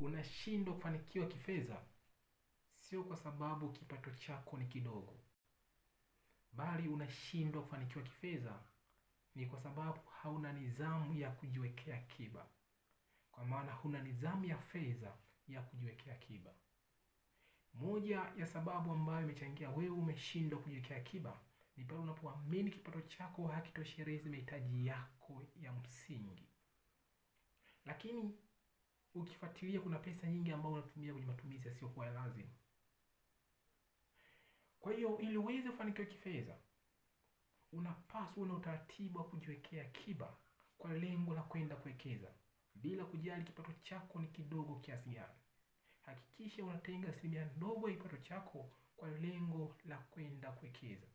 unashindwa kufanikiwa kifedha sio kwa sababu kipato chako ni kidogo, bali unashindwa kufanikiwa kifedha ni kwa sababu hauna nidhamu ya kujiwekea kiba kwa maana huna nidhamu ya fedha ya kujiwekea kiba Moja ya sababu ambayo imechangia wewe umeshindwa kujiwekea kiba ni pale unapoamini kipato chako hakitoshelezi yaani mahitaji yako ya msingi. Lakini ukifuatilia kuna pesa nyingi ambayo unatumia kwenye matumizi yasiyokuwa ya lazima. Kwa hiyo ili uweze kufanikiwa kifedha, unapaswa una utaratibu wa kujiwekea akiba kwa lengo la kwenda kuwekeza bila kujali kipato chako ni kidogo kiasi gani. Hakikisha unatenga asilimia ndogo ya kipato chako kwa lengo la kwenda kuwekeza,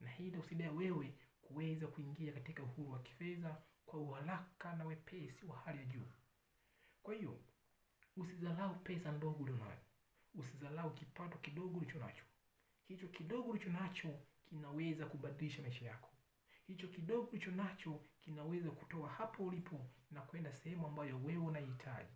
na hii itakusaidia wewe kuweza kuingia katika uhuru wa kifedha kwa uharaka na wepesi wa hali ya juu. Kwa hiyo usidharau pesa ndogo ulionayo, usidharau kipato kidogo ulicho nacho. Hicho kidogo ulicho nacho kinaweza kubadilisha maisha yako. Hicho kidogo ulicho nacho kinaweza kutoa hapo ulipo na kwenda sehemu ambayo wewe unaihitaji.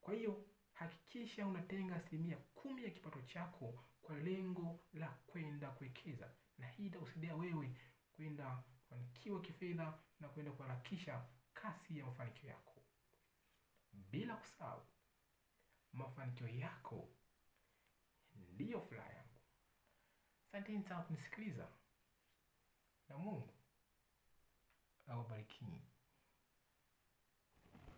Kwa hiyo hakikisha unatenga asilimia kumi ya kipato chako kwa lengo la kwenda kuwekeza, na hii itakusaidia wewe kwenda kufanikiwa kifedha na kwenda kuharakisha kasi ya mafanikio yako bila kusahau mafanikio yako ndiyo furaha yangu. Asanteni sana kunisikiliza na Mungu awabariki.